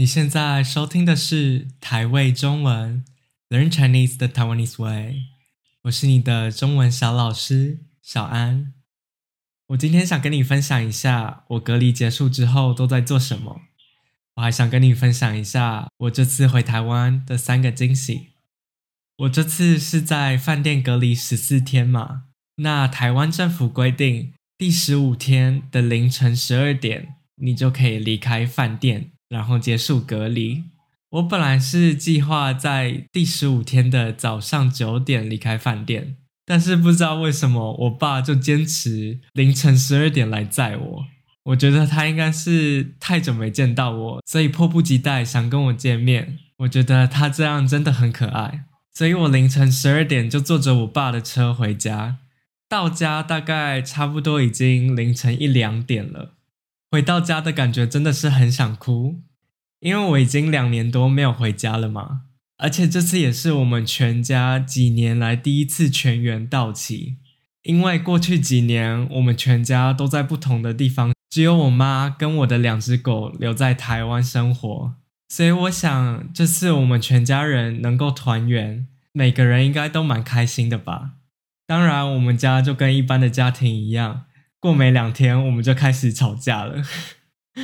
你現在收聽的是台味中文 Learn Chinese the Taiwanese Way，我是你的中文小老師小安。我今天想跟你分享一下我隔離結束之後都在做什麼。我還想跟你分享一下我這次回台灣的三個驚喜。我這次是在飯店隔離十四天嘛，那台灣政府規定第十五天的凌晨十二點，你就可以離開飯店。然後結束隔離。我本來是計劃在第十五天的早上九點離開飯店，但是不知道為什麼，我爸就堅持凌晨十二點來載我。我覺得他應該是太久沒見到我，所以迫不及待想跟我見面。我覺得他這樣真的很可愛，所以我凌晨十二點就坐着我爸的車回家。到家大概差不多已經凌晨一兩點了。回到家的感覺真的是很想哭，因為我已經兩年多沒有回家了嘛，而且這次也是我們全家幾年來第一次全員到齊。因為過去幾年我們全家都在不同的地方，只有我媽跟我的兩隻狗留在台灣生活，所以我想這次我們全家人能夠團圓，每個人應該都蠻開心的吧。當然，我們家就跟一般的家庭一樣。過沒兩天，我們就開始吵架了。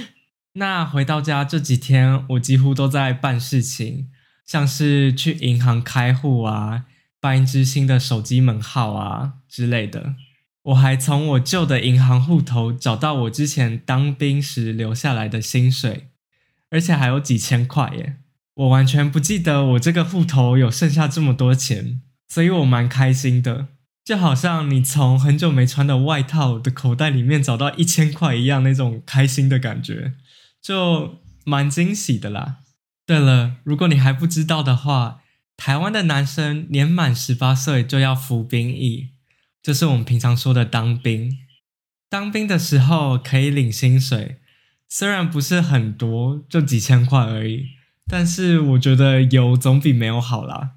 那回到家這幾天，我幾乎都在辦事情，像是去銀行開戶啊，辦一支新的手機門號啊之類的。我還從我舊的銀行戶頭找到我之前當兵時留下來的薪水，而且還有幾千塊耶！我完全不記得我這個戶頭有剩下這麼多錢，所以我蠻開心的。就好像你從很久沒穿的外套的口袋裡面找到一千塊一樣，那種開心的感覺，就蠻驚喜的啦。對了，如果你還不知道的話，台灣的男生年滿十八歲就要服兵役，這、就是我們平常說的當兵。當兵的時候可以領薪水，雖然不是很多，就幾千塊而已，但是我覺得有總比沒有好啦。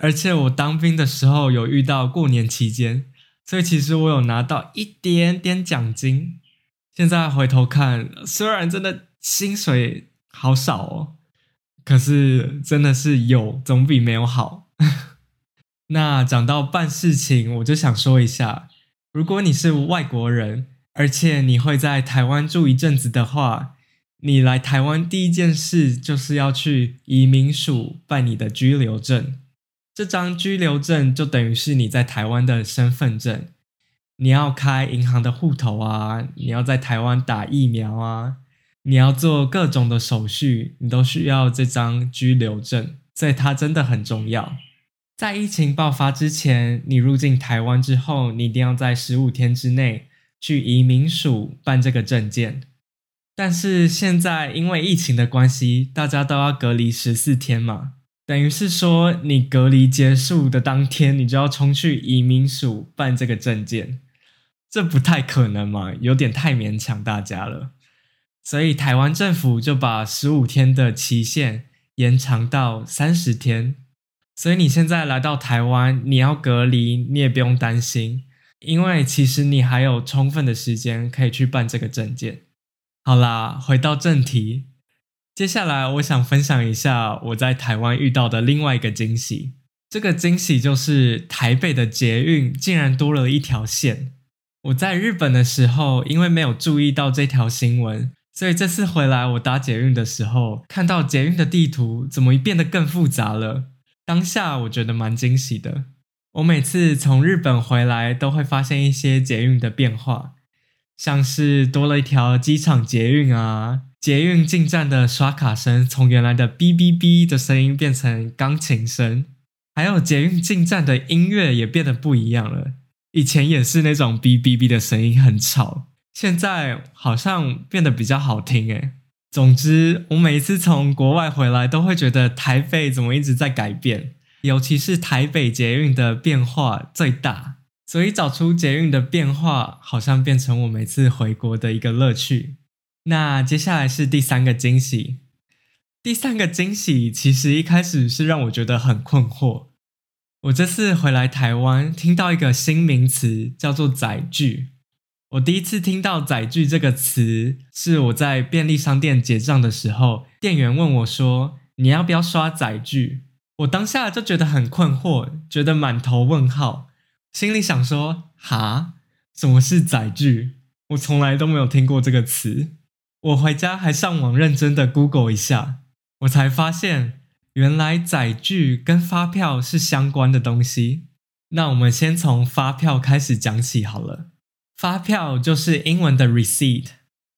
而且我當兵的時候有遇到過年期間，所以其實我有拿到一點點獎金。現在回頭看，雖然真的薪水好少哦，可是真的是有總比沒有好。 那講到辦事情，我就想說一下，如果你是外國人，而且你會在台灣住一陣子的話，你來台灣第一件事就是要去移民署辦你的居留證。這張居留證就等於是你在台灣的身份證，你要開銀行的戶頭啊，你要在台灣打疫苗啊，你要做各種的手續，你都需要這張居留證，所以它真的很重要。在疫情爆發之前，你入境台灣之後，你一定要在十五天之內去移民署辦這個證件。但是現在因為疫情的關係，大家都要隔離十四天嘛。等於是說，你隔離結束的當天，你就要衝去移民署辦這個證件。這不太可能嘛，有點太勉強大家了。所以台灣政府就把十五天的期限延長到三十天。所以你現在來到台灣，你要隔離，你也不用擔心，因為其實你還有充分的時間可以去辦這個證件。好啦，回到正題。接下來，我想分享一下我在台灣遇到的另外一個驚喜。這個驚喜就是台北的捷運竟然多了一條線。我在日本的時候，因為沒有注意到這條新聞，所以這次回來我搭捷運的時候，看到捷運的地圖怎麼變得更複雜了。當下我覺得蠻驚喜的。我每次從日本回來，都會發現一些捷運的變化，像是多了一條機場捷運啊。捷運進站的刷卡聲，從原來的「嗶嗶嗶」的聲音變成鋼琴聲，還有捷運進站的音樂也變得不一樣了。以前也是那種「嗶嗶嗶」的聲音很吵，現在好像變得比較好聽誒。總之，我每一次從國外回來都會覺得台北怎麼一直在改變，尤其是台北捷運的變化最大，所以找出捷運的變化，好像變成我每次回國的一個樂趣。那接下來是第三個驚喜。第三個驚喜其實一開始是讓我覺得很困惑。我這次回來台灣，聽到一個新名詞，叫做“載具”。我第一次聽到“載具”這個詞，是我在便利商店結賬的時候，店員問我說：“你要不要刷載具？”我當下就覺得很困惑，覺得滿頭問號，心裡想說：“哈，什麼是載具？”我從來都沒有聽過這個詞。我回家還上網認真的 Google 一下，我才發現原來載具跟發票是相關的東西。那我們先從發票開始講起好了。發票就是英文的 receipt。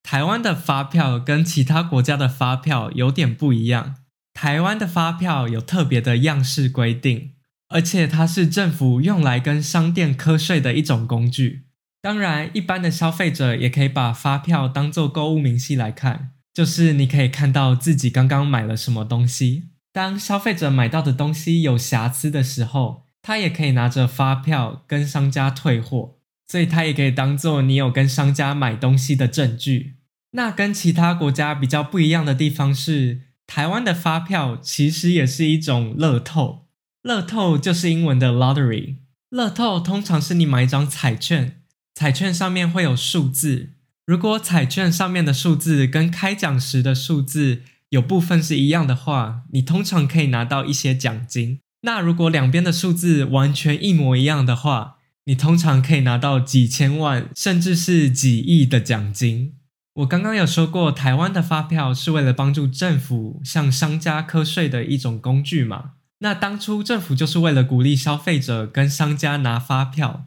台灣的發票跟其他國家的發票有點不一樣。台灣的發票有特別的樣式規定，而且它是政府用來跟商店課稅的一種工具。當然，一般的消費者也可以把發票當做購物明細來看，就是你可以看到自己剛剛買了什麼東西。當消費者買到的東西有瑕疵的時候，他也可以拿着發票跟商家退貨，所以他也可以當做你有跟商家買東西的證據。那跟其他國家比較不一樣的地方是，台灣的發票其實也是一種樂透。樂透就是英文的 lottery。樂透通常是你買一張彩券。彩券上面會有數字，如果彩券上面的數字跟開獎時的數字有部分是一樣的話，你通常可以拿到一些獎金。那如果兩邊的數字完全一模一樣的話，你通常可以拿到幾千萬，甚至是幾億的獎金。我剛剛有說過，台灣的發票是為了幫助政府向商家課稅的一種工具嘛。那當初政府就是為了鼓勵消費者跟商家拿發票。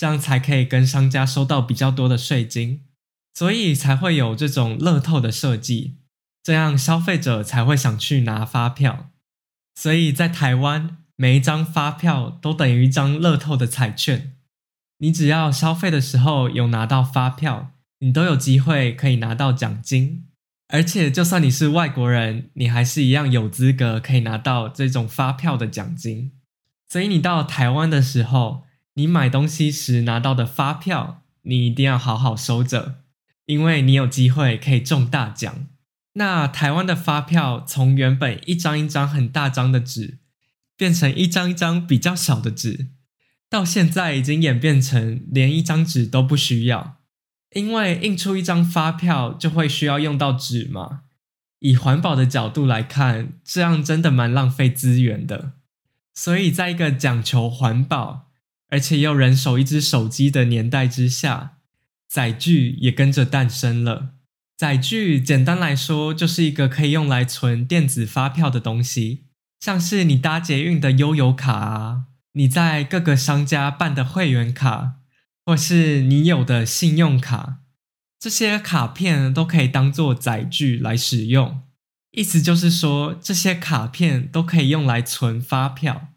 這樣才可以跟商家收到比較多的稅金，所以才會有這種樂透的設計，這樣消費者才會想去拿發票。所以在台灣，每一張發票都等於一張樂透的彩券。你只要消費的時候有拿到發票，你都有機會可以拿到獎金。而且，就算你是外國人，你還是一樣有資格可以拿到這種發票的獎金。所以，你到台灣的時候，你買東西時拿到的發票，你一定要好好收着，因為你有機會可以中大獎。那台灣的發票從原本一張一張很大張的紙，變成一張一張比較小的紙，到現在已經演變成連一張紙都不需要，因為印出一張發票就會需要用到紙嘛。以環保的角度來看，這樣真的蠻浪費資源的。所以在一個講求環保，而且又人手一支手機的年代之下，載具也跟着誕生了。載具簡單來說，就是一個可以用來存電子發票的東西，像是你搭捷運的悠遊卡啊，你在各個商家辦的會員卡，或是你有的信用卡，這些卡片都可以當作載具來使用。意思就是說，這些卡片都可以用來存發票。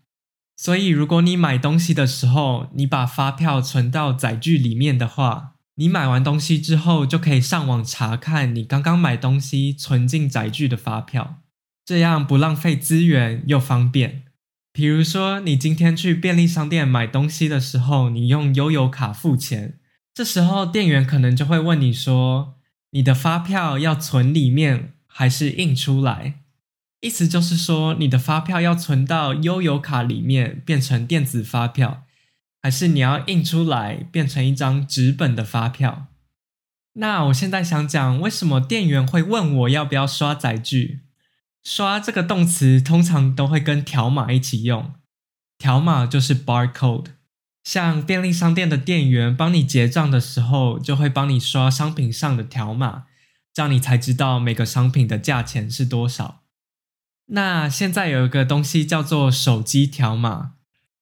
所以，如果你買東西的時候，你把發票存到載具裡面的話，你買完東西之後就可以上網查看你剛剛買東西存進載具的發票，這樣不浪費資源又方便。比如說，你今天去便利商店買東西的時候，你用悠遊卡付錢，這時候店員可能就會問你說：“你的發票要存裡面，還是印出來？”意思就是說，你的發票要存到悠遊卡裡面變成電子發票，還是你要印出來變成一張紙本的發票？那我現在想講，為什麼店員會問我要不要刷載具？刷這個動詞通常都會跟條碼一起用，條碼就是 bar code。像便利商店的店員幫你結賬的時候，就會幫你刷商品上的條碼，這樣你才知道每個商品的價錢是多少。那現在有一個東西叫做手機條碼，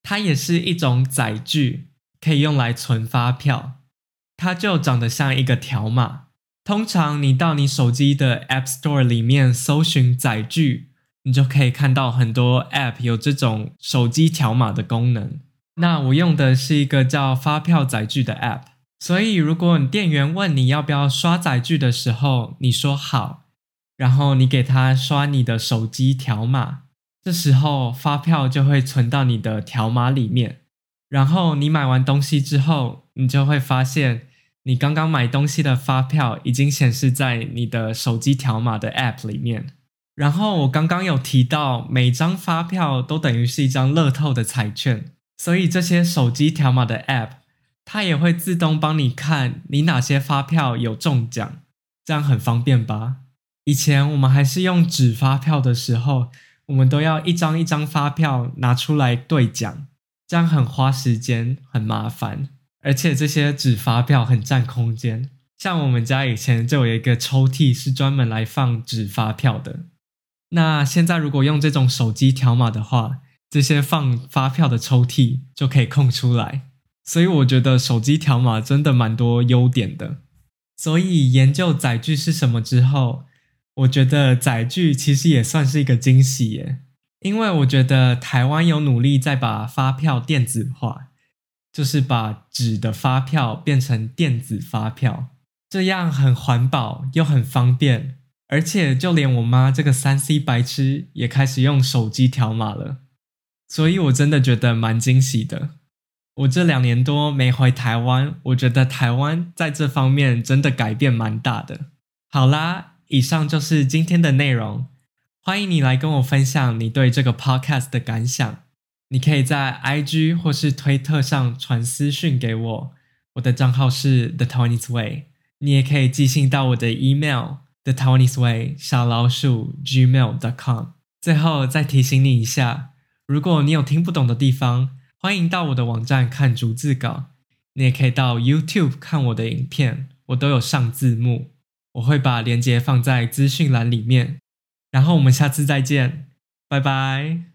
它也是一種載具，可以用來存發票。它就長得像一個條碼。通常你到你手機的 App Store 裡面搜尋載具，你就可以看到很多 App 有這種手機條碼的功能。那我用的是一個叫發票載具的 App，所以如果你店員問你要不要刷載具的時候，你說好。然後你給他刷你的手機條碼，這時候發票就會存到你的條碼裡面。然後你買完東西之後，你就會發現你剛剛買東西的發票已經顯示在你的手機條碼的 APP 裡面。然後我剛剛有提到，每張發票都等於是一張樂透的彩券，所以這些手機條碼的 APP 它也會自動幫你看你哪些發票有中獎，這樣很方便吧？以前我們還是用紙發票的時候，我們都要一張一張發票拿出來對獎，這樣很花時間、很麻煩，而且這些紙發票很佔空間。像我們家以前就有一個抽屜是專門來放紙發票的。那現在如果用這種手機條碼的話，這些放發票的抽屜就可以空出來。所以我覺得手機條碼真的蠻多優點的。所以研究載具是什麼之後。我覺得載具其實也算是一個驚喜耶，因為我覺得台灣有努力在把發票電子化，就是把紙的發票變成電子發票，這樣很環保又很方便，而且就連我媽這個三 C 白痴也開始用手機條碼了，所以我真的覺得蠻驚喜的。我這兩年多沒回台灣，我覺得台灣在這方面真的改變蠻大的。好啦。以上就是今天的內容。歡迎你來跟我分享你對這個 podcast 的感想。你可以在 IG 或是推特上傳私訊給我，我的賬號是 thetaiwaneseway。你也可以寄信到我的 email thetaiwaneseway 小老鼠 gmail dot com。最後再提醒你一下，如果你有聽不懂的地方，歡迎到我的網站看逐字稿。你也可以到 YouTube 看我的影片，我都有上字幕。我會把連結放在資訊欄裡面，然後我們下次再見，拜拜。